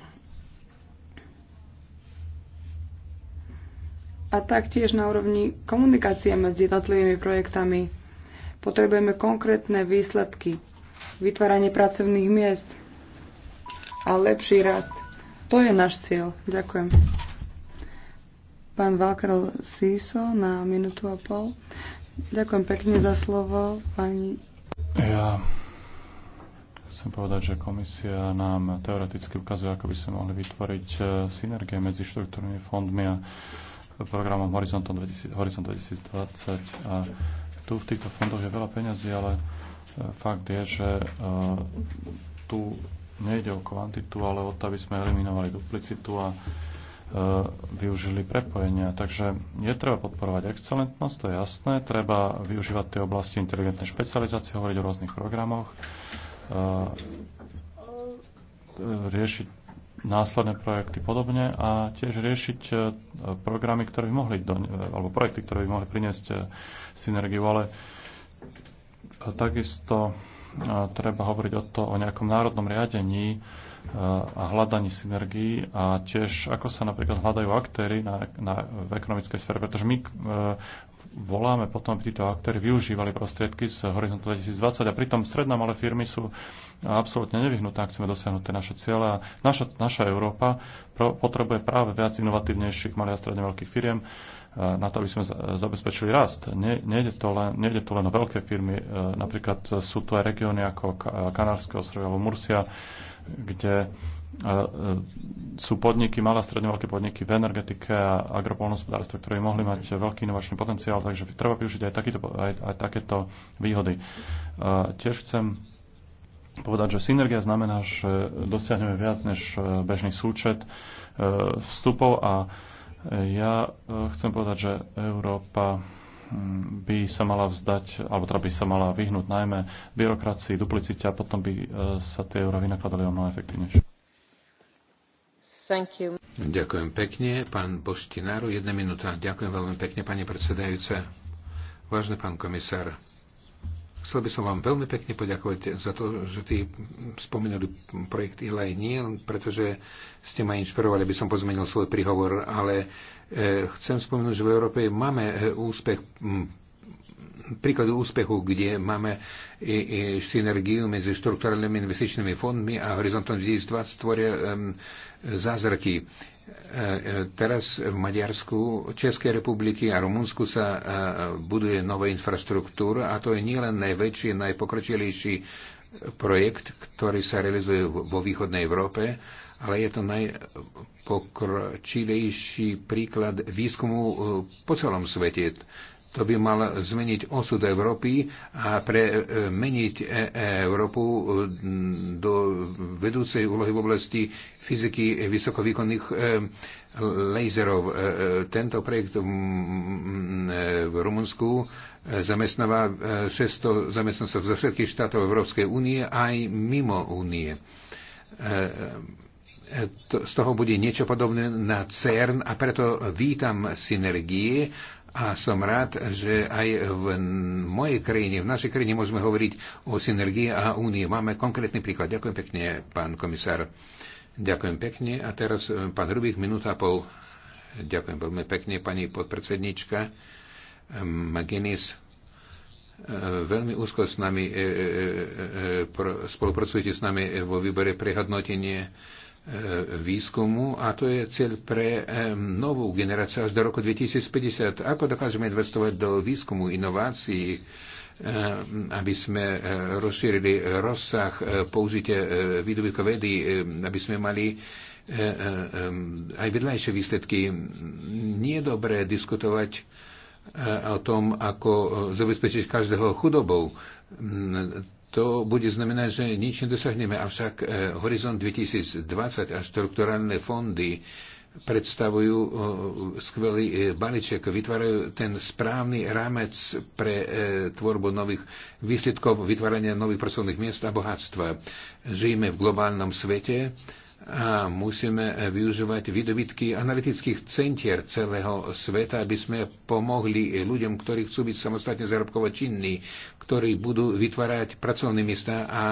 A taktiež na úrovni komunikácie medzi jednotlivými projektami Potrebujeme konkrétne výsledky, vytváranie pracovných miest a lepší rast. To je náš cieľ. Ďakujem. Pán Valkarol Siso na minútu a pol. Ďakujem pekne za slovo, pani. Ja chcem povedať, že komisia nám teoreticky ukazuje, ako by sme mohli vytvoriť e, synergie medzi štruktúrnymi fondmi a programom Horizont 2020 a tu v týchto fondoch je veľa peňazí, ale e, fakt je, že e, tu nejde o kvantitu, ale o to, aby sme eliminovali duplicitu a e, využili prepojenia. Takže je treba podporovať excelentnosť, to je jasné. Treba využívať tie oblasti inteligentnej špecializácie, hovoriť o rôznych programoch, riešiť následné projekty podobne a tiež riešiť e, programy, ktoré by mohli, do, e, alebo projekty, ktoré by mohli priniesť e, synergiu, ale takisto treba hovoriť o to, o nejakom národnom riadení a hľadaní synergií a tiež ako sa napríklad hľadajú aktéry na, na, v ekonomickej sfére, pretože my e, voláme potom, aby títo aktéry využívali prostriedky z Horizontu 2020 a pritom stredná malé firmy sú absolútne nevyhnutné, ak chceme dosiahnuť tie naše ciele a naša, naša Európa pro, potrebuje práve viac inovatívnejších malých a stredne veľkých firiem e, na to, aby sme zabezpečili rast. nejde, to len, nejde to len o veľké firmy, e, napríklad sú tu aj regióny ako Kanárske ostrovy alebo Mursia, kde e, e, sú podniky, malé a stredne veľké podniky v energetike a agropolnospodárstve, ktoré mohli mať veľký inovačný potenciál, takže treba využiť aj, takýto, aj, aj takéto výhody. E, tiež chcem povedať, že synergia znamená, že dosiahneme viac než bežný súčet vstupov a ja chcem povedať, že Európa by sa mala vzdať, alebo teda by sa mala vyhnúť najmä byrokracii, duplicite a potom by e, sa tie euro vynakladali o mnoho efektívnejšie. Ďakujem pekne. Pán Boštinaru, jedna minúta. Ďakujem veľmi pekne, pani predsedajúca. Vážny pán komisár, Chcel by som vám veľmi pekne poďakovať za to, že ty spomenuli projekt Ilaj nie, pretože ste ma inšpirovali, aby som pozmenil svoj príhovor, ale e, chcem spomenúť, že v Európe máme e, úspech príklad úspechu, kde máme i, i synergiu medzi štrukturálnymi investičnými fondmi a horizontom 2020 tvoria um, zázraky. Teraz v Maďarsku, Českej republiky a Rumunsku sa e, buduje nová infraštruktúra a to je nielen najväčší, najpokročilejší projekt, ktorý sa realizuje vo východnej Európe, ale je to najpokročilejší príklad výskumu e, po celom svete. To by mal zmeniť osud Európy a premeniť e- e- Európu do vedúcej úlohy v oblasti fyziky vysokovýkonných e, laserov. Tento projekt v Rumunsku zamestnáva 600 zamestnancov zo všetkých štátov Európskej únie aj mimo únie. Z toho bude niečo podobné na CERN a preto vítam synergie a som rád, že aj v mojej krajine, v našej krajine môžeme hovoriť o synergii a únii. Máme konkrétny príklad. Ďakujem pekne, pán komisár. Ďakujem pekne. A teraz e, pán Rubík, minúta a pol. Ďakujem veľmi pekne, pani podpredsednička. Maginis, e, veľmi úzko s nami e, spolupracujete s nami vo výbore prehodnotenie. hodnotenie E, výskumu a to je cieľ pre e, novú generáciu až do roku 2050. Ako dokážeme investovať do výskumu, inovácií, e, aby sme rozšírili rozsah použitia výdobytko vedy, aby sme mali aj vedľajšie výsledky. Nie je dobré diskutovať o tom, ako zabezpečiť každého chudobou to bude znamenať, že nič nedosahneme. Avšak e, Horizont 2020 a štrukturálne fondy predstavujú e, skvelý e, balíček, vytvárajú ten správny rámec pre tvorbu nových výsledkov, vytvárania nových pracovných miest a bohatstva. Žijeme v globálnom svete, a musíme využívať výdobytky analytických centier celého sveta, aby sme pomohli ľuďom, ktorí chcú byť samostatne zárobkovo činní, ktorí budú vytvárať pracovné miesta a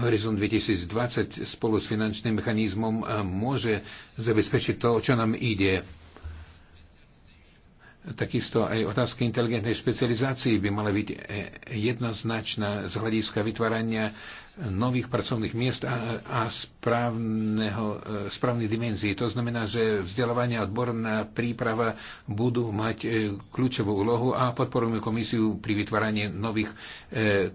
Horizont 2020 spolu s finančným mechanizmom môže zabezpečiť to, o čo nám ide Takisto aj otázka inteligentnej špecializácii by mala byť e, jednoznačná z hľadiska vytvárania nových pracovných miest a, a správneho, e, správnej dimenzií. To znamená, že vzdelávanie a odborná príprava budú mať e, kľúčovú úlohu a podporujeme komisiu pri vytváraní nových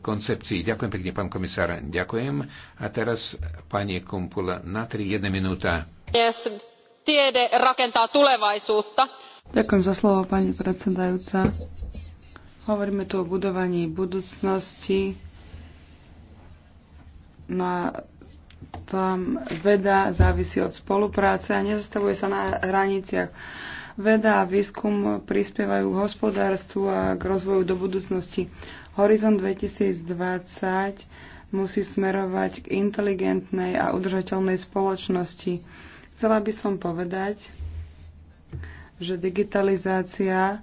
koncepcií. Ďakujem pekne, pán komisár. Ďakujem. A teraz pani Kumpula na 3, 1 minúta. Yes. Tiede rakentaa tulevaisuutta Ďakujem za slovo, pani predsedajúca. Hovoríme tu o budovaní budúcnosti. No a tam veda závisí od spolupráce a nezastavuje sa na hraniciach. Veda a výskum prispievajú k hospodárstvu a k rozvoju do budúcnosti. Horizont 2020 musí smerovať k inteligentnej a udržateľnej spoločnosti. Chcela by som povedať, že digitalizácia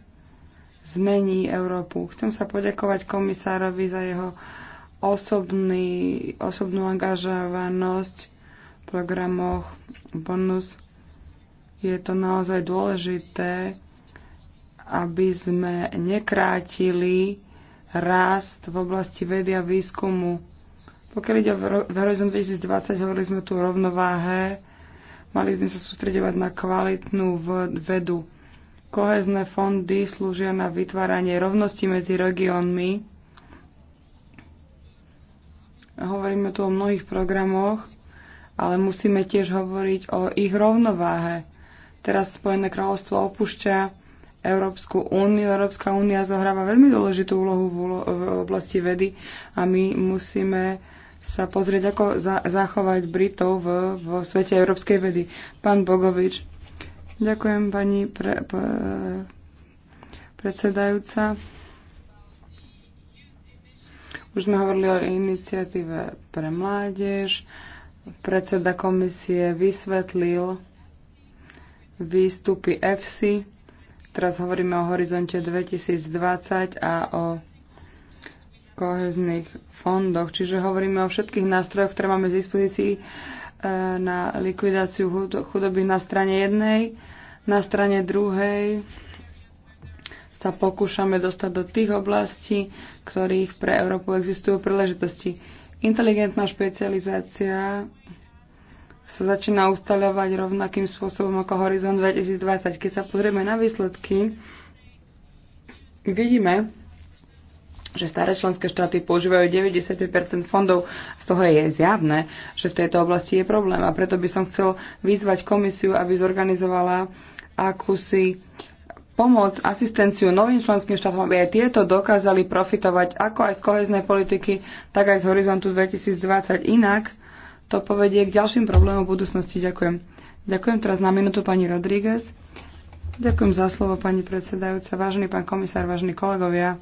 zmení Európu. Chcem sa poďakovať komisárovi za jeho osobný, osobnú angažovanosť v programoch bonus. Je to naozaj dôležité, aby sme nekrátili rast v oblasti vedy a výskumu. Pokiaľ ide o Horizon 2020, hovorili sme tu o rovnováhe Mali by sme sa sústredovať na kvalitnú vedu. Kohezné fondy slúžia na vytváranie rovnosti medzi regiónmi. Hovoríme tu o mnohých programoch, ale musíme tiež hovoriť o ich rovnováhe. Teraz Spojené kráľovstvo opúšťa Európsku úniu. Európska únia zohráva veľmi dôležitú úlohu v oblasti vedy a my musíme sa pozrieť, ako za- zachovať Britov v, vo svete európskej vedy. Pán Bogovič. Ďakujem, pani pre, pre, predsedajúca. Už sme hovorili o iniciatíve pre mládež. Predseda komisie vysvetlil výstupy EFSI. Teraz hovoríme o horizonte 2020 a o kohezných fondoch. Čiže hovoríme o všetkých nástrojoch, ktoré máme z dispozícii e, na likvidáciu chudoby na strane jednej, na strane druhej sa pokúšame dostať do tých oblastí, ktorých pre Európu existujú príležitosti. Inteligentná špecializácia sa začína ustaľovať rovnakým spôsobom ako Horizon 2020. Keď sa pozrieme na výsledky, vidíme, že staré členské štáty používajú 95% fondov, z toho je zjavné, že v tejto oblasti je problém. A preto by som chcel vyzvať komisiu, aby zorganizovala akúsi pomoc, asistenciu novým členským štátom, aby aj tieto dokázali profitovať ako aj z koheznej politiky, tak aj z horizontu 2020. Inak to povedie k ďalším problémom v budúcnosti. Ďakujem. Ďakujem teraz na minútu pani Rodríguez. Ďakujem za slovo, pani predsedajúca. Vážený pán komisár, vážení kolegovia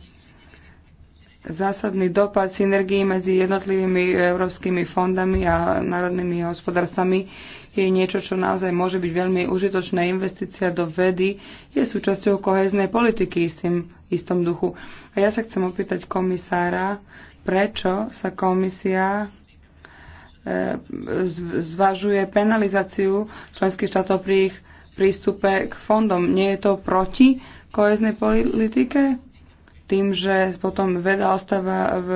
zásadný dopad synergií medzi jednotlivými európskymi fondami a národnými hospodárstvami je niečo, čo naozaj môže byť veľmi užitočná investícia do vedy, je súčasťou koheznej politiky istým, istom duchu. A ja sa chcem opýtať komisára, prečo sa komisia e, zvažuje penalizáciu členských štátov pri ich prístupe k fondom. Nie je to proti koheznej politike? tým, že potom veda ostáva v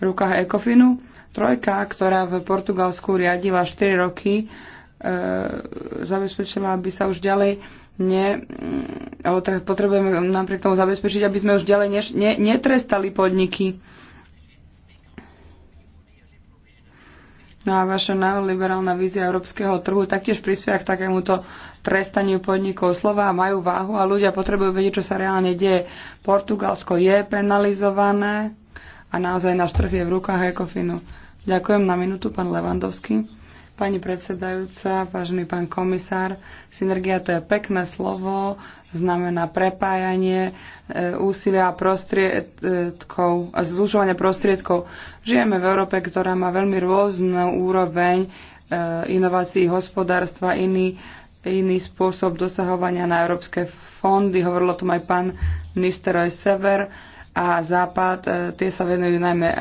rukách Ekofinu. Trojka, ktorá v Portugalsku riadila 4 roky, e, zabezpečila, aby sa už ďalej ne, mm, alebo tak potrebujeme napriek tomu zabezpečiť, aby sme už ďalej ne, ne, netrestali podniky. No a vaša neoliberálna vízia európskeho trhu taktiež prispieva k takémuto trestaniu podnikov. Slová majú váhu a ľudia potrebujú vedieť, čo sa reálne deje. Portugalsko je penalizované a naozaj náš trh je v rukách Ekofinu. Ďakujem na minútu, pán Levandovský. Pani predsedajúca, vážený pán komisár, synergia to je pekné slovo, znamená prepájanie e, úsilia a prostriedkov, a zlučovanie prostriedkov. Žijeme v Európe, ktorá má veľmi rôznu úroveň e, inovácií hospodárstva, iný iný spôsob dosahovania na európske fondy. Hovoril o tom aj pán minister aj Sever a Západ. E, tie sa venujú najmä e,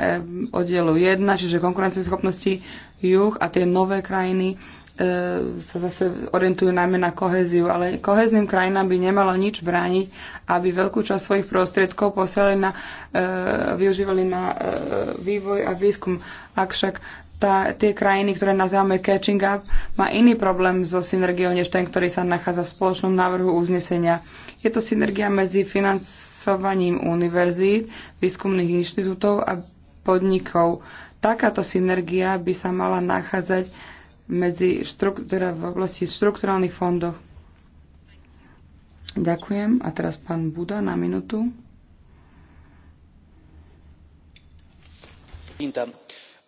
oddielu 1, čiže konkurencieschopnosti juh a tie nové krajiny e, sa zase orientujú najmä na koheziu, ale kohezným krajinám by nemalo nič brániť, aby veľkú časť svojich prostriedkov posielali na, e, využívali na e, vývoj a výskum. Ak však tá, tie krajiny, ktoré nazývame catching up, má iný problém so synergiou než ten, ktorý sa nachádza v spoločnom návrhu uznesenia. Je to synergia medzi financovaním univerzít, výskumných inštitútov a podnikov. Takáto synergia by sa mala nachádzať medzi teda v oblasti štrukturálnych fondov. Ďakujem. A teraz pán Buda na minútu. Intam.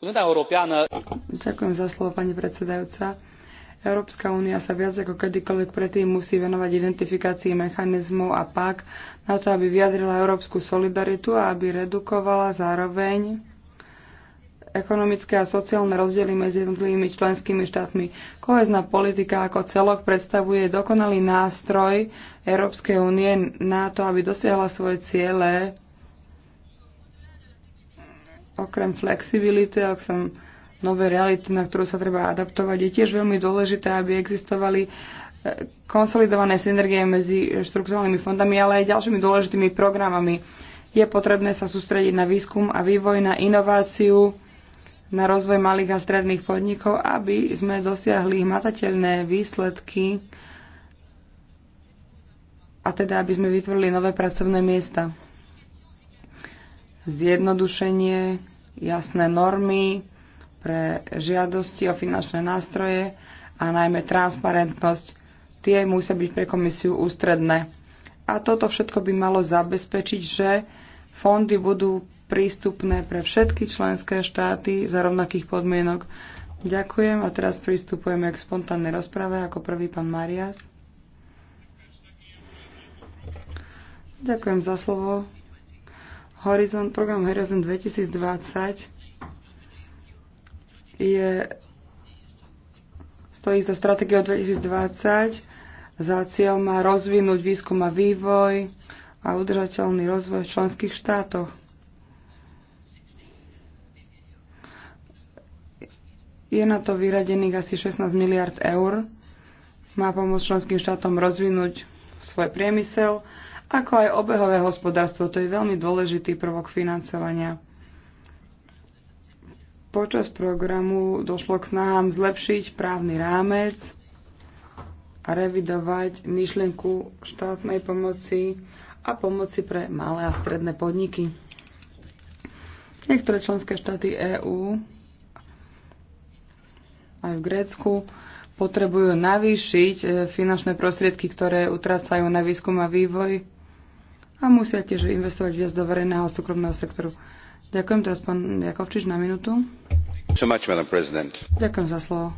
Ďakujem za slovo, pani predsedajúca. Európska únia sa viac ako kedykoľvek predtým musí venovať identifikácii mechanizmov a pak na to, aby vyjadrila európsku solidaritu a aby redukovala zároveň ekonomické a sociálne rozdiely medzi jednotlivými členskými štátmi. Kohezná politika ako celok predstavuje dokonalý nástroj Európskej únie na to, aby dosiahla svoje ciele okrem flexibility okrem nové reality, na ktorú sa treba adaptovať, je tiež veľmi dôležité, aby existovali e, konsolidované synergie medzi štruktúrnymi fondami, ale aj ďalšími dôležitými programami. Je potrebné sa sústrediť na výskum a vývoj, na inováciu, na rozvoj malých a stredných podnikov, aby sme dosiahli hmatateľné výsledky a teda aby sme vytvorili nové pracovné miesta zjednodušenie, jasné normy pre žiadosti o finančné nástroje a najmä transparentnosť. Tie musia byť pre komisiu ústredné. A toto všetko by malo zabezpečiť, že fondy budú prístupné pre všetky členské štáty za rovnakých podmienok. Ďakujem a teraz pristupujeme k spontánnej rozprave ako prvý pán Marias. Ďakujem za slovo. Horizon, program Horizon 2020 je, stojí za stratégiou 2020, za cieľ má rozvinúť výskum a vývoj a udržateľný rozvoj v členských štátoch. Je na to vyradených asi 16 miliard eur. Má pomôcť členským štátom rozvinúť svoj priemysel ako aj obehové hospodárstvo. To je veľmi dôležitý prvok financovania. Počas programu došlo k snahám zlepšiť právny rámec a revidovať myšlienku štátnej pomoci a pomoci pre malé a stredné podniky. Niektoré členské štáty EÚ aj v Grécku potrebujú navýšiť e, finančné prostriedky, ktoré utracajú na výskum a vývoj a musia tiež investovať viac do verejného a súkromného sektoru. Ďakujem teraz pán Jakovčič na minútu. So much, Ďakujem za slovo.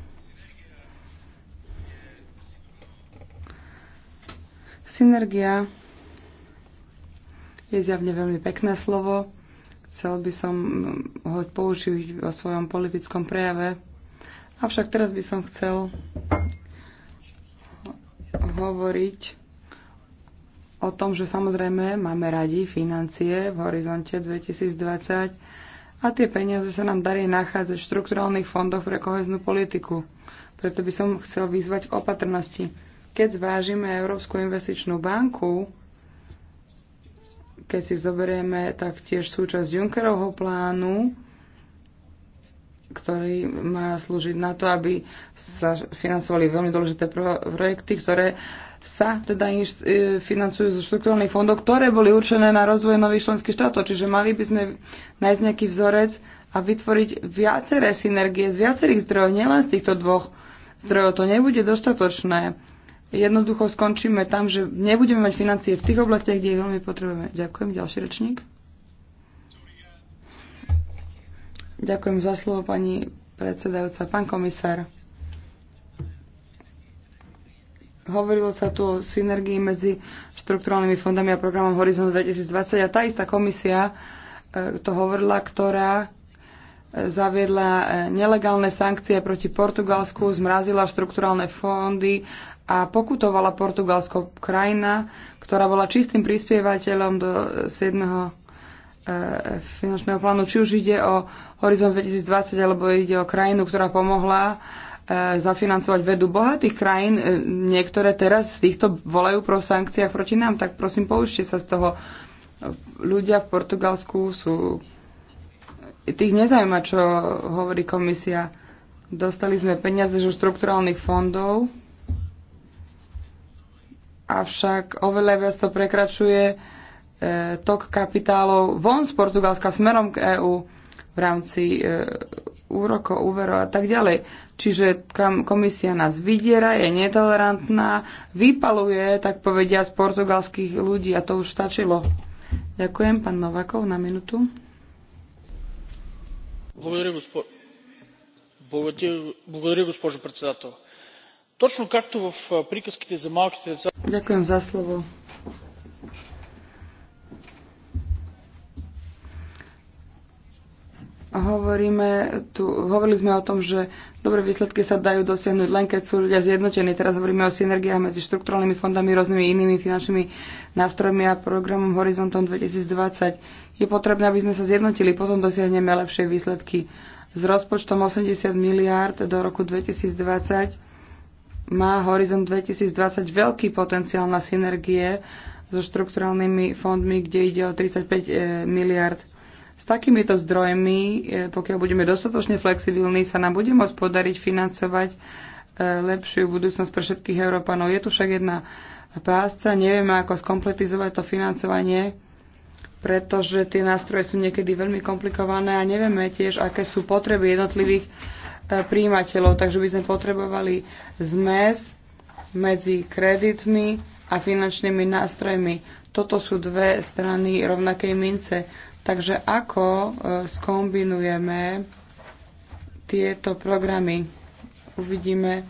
Synergia je zjavne veľmi pekné slovo. Chcel by som mm, ho použiť vo svojom politickom prejave. Avšak teraz by som chcel hovoriť o tom, že samozrejme máme radi financie v horizonte 2020 a tie peniaze sa nám darí nachádzať v štrukturálnych fondoch pre koheznú politiku. Preto by som chcel vyzvať k opatrnosti. Keď zvážime Európsku investičnú banku, keď si zoberieme taktiež súčasť Junckerovho plánu, ktorý má slúžiť na to, aby sa financovali veľmi dôležité projekty, ktoré sa teda inš, e, financujú zo štruktúrnych fondov, ktoré boli určené na rozvoj nových členských štátov. Čiže mali by sme nájsť nejaký vzorec a vytvoriť viaceré synergie z viacerých zdrojov, nielen z týchto dvoch zdrojov. To nebude dostatočné. Jednoducho skončíme tam, že nebudeme mať financie v tých oblastiach, kde ich veľmi potrebujeme. Ďakujem. Ďalší rečník. Ďakujem za slovo, pani predsedajúca. Pán komisár, Hovorilo sa tu o synergii medzi štrukturálnymi fondami a programom Horizon 2020 a tá istá komisia e, to hovorila, ktorá e, zaviedla e, nelegálne sankcie proti Portugalsku, zmrazila štrukturálne fondy a pokutovala Portugalsko krajina, ktorá bola čistým prispievateľom do 7. finančného plánu, či už ide o Horizon 2020 alebo ide o krajinu, ktorá pomohla E, zafinancovať vedu bohatých krajín, e, niektoré teraz z týchto volajú pro sankciách proti nám, tak prosím, poučte sa z toho. Ľudia v Portugalsku sú... Tých nezaujíma, čo hovorí komisia. Dostali sme peniaze zo štrukturálnych fondov, avšak oveľa viac to prekračuje e, tok kapitálov von z Portugalska smerom k EÚ v rámci e, úrokov, úverov a tak ďalej. Čiže komisia nás vydiera, je netolerantná, vypaluje, tak povedia, z portugalských ľudí a to už stačilo. Ďakujem, pán Novakov, na minútu. Благодаря, госпожо председател. Точно както в приказките за малките деца... Ďakujem za slovo. hovoríme tu, hovorili sme o tom, že dobré výsledky sa dajú dosiahnuť len keď sú ľudia zjednotení. Teraz hovoríme o synergiách medzi štrukturálnymi fondami, rôznymi inými finančnými nástrojmi a programom Horizontom 2020. Je potrebné, aby sme sa zjednotili, potom dosiahneme lepšie výsledky. S rozpočtom 80 miliárd do roku 2020 má Horizont 2020 veľký potenciál na synergie so štrukturálnymi fondmi, kde ide o 35 eh, miliárd s takýmito zdrojmi, e, pokiaľ budeme dostatočne flexibilní, sa nám bude môcť podariť financovať e, lepšiu budúcnosť pre všetkých Európanov. Je tu však jedna pásca, nevieme, ako skompletizovať to financovanie, pretože tie nástroje sú niekedy veľmi komplikované a nevieme tiež, aké sú potreby jednotlivých e, príjimateľov, takže by sme potrebovali zmes medzi kreditmi a finančnými nástrojmi. Toto sú dve strany rovnakej mince. Takže ako e, skombinujeme tieto programy? Uvidíme,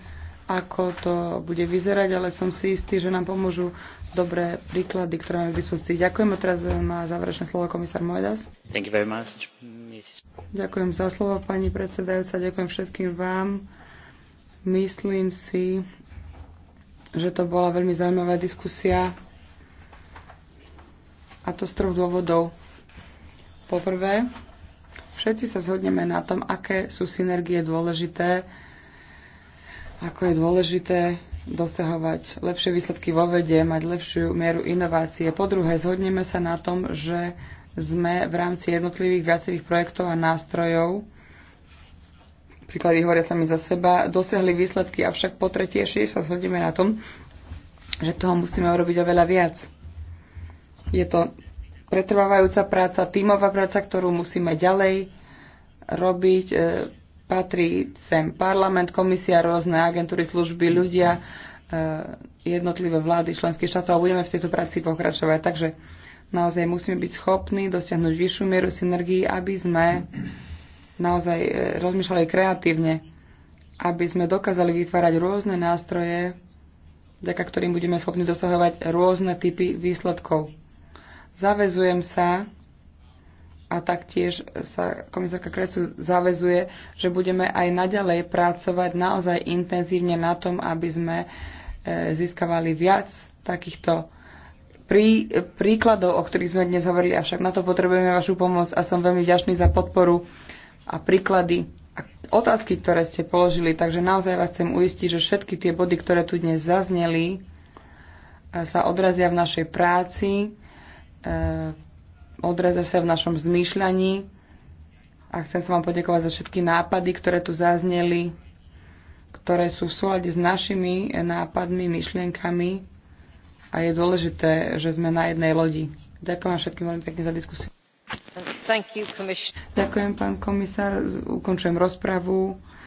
ako to bude vyzerať, ale som si istý, že nám pomôžu dobré príklady, ktoré máme k dispozícii. Ďakujem a teraz e, má záverečné slovo komisár Moedas. Thank you very much, Mrs. Ďakujem za slovo, pani predsedajúca, ďakujem všetkým vám. Myslím si, že to bola veľmi zaujímavá diskusia a to z troch dôvodov. Poprvé, všetci sa zhodneme na tom, aké sú synergie dôležité, ako je dôležité dosahovať lepšie výsledky vo vede, mať lepšiu mieru inovácie. Po druhé, zhodneme sa na tom, že sme v rámci jednotlivých viacerých projektov a nástrojov, príklady hovoria sa mi za seba, dosiahli výsledky, avšak po tretie sa zhodneme na tom, že toho musíme urobiť oveľa viac. Je to pretrvávajúca práca, tímová práca, ktorú musíme ďalej robiť. E, patrí sem parlament, komisia, rôzne agentúry, služby, ľudia, e, jednotlivé vlády členských štátov a budeme v tejto práci pokračovať. Takže naozaj musíme byť schopní dosiahnuť vyššiu mieru synergii, aby sme naozaj e, rozmýšľali kreatívne, aby sme dokázali vytvárať rôzne nástroje, vďaka ktorým budeme schopní dosahovať rôzne typy výsledkov. Zavezujem sa a taktiež sa komisárka Krecu zavezuje, že budeme aj naďalej pracovať naozaj intenzívne na tom, aby sme e, získavali viac takýchto prí, príkladov, o ktorých sme dnes hovorili, avšak na to potrebujeme vašu pomoc a som veľmi vďačný za podporu a príklady a otázky, ktoré ste položili. Takže naozaj vás chcem uistiť, že všetky tie body, ktoré tu dnes zazneli, e, sa odrazia v našej práci E, odraza sa v našom zmýšľaní a chcem sa vám podiekovať za všetky nápady, ktoré tu zazneli, ktoré sú v súlade s našimi nápadmi, myšlienkami a je dôležité, že sme na jednej lodi. Ďakujem vám všetkým veľmi pekne za diskusiu. You, Ďakujem, pán komisár. Ukončujem rozpravu.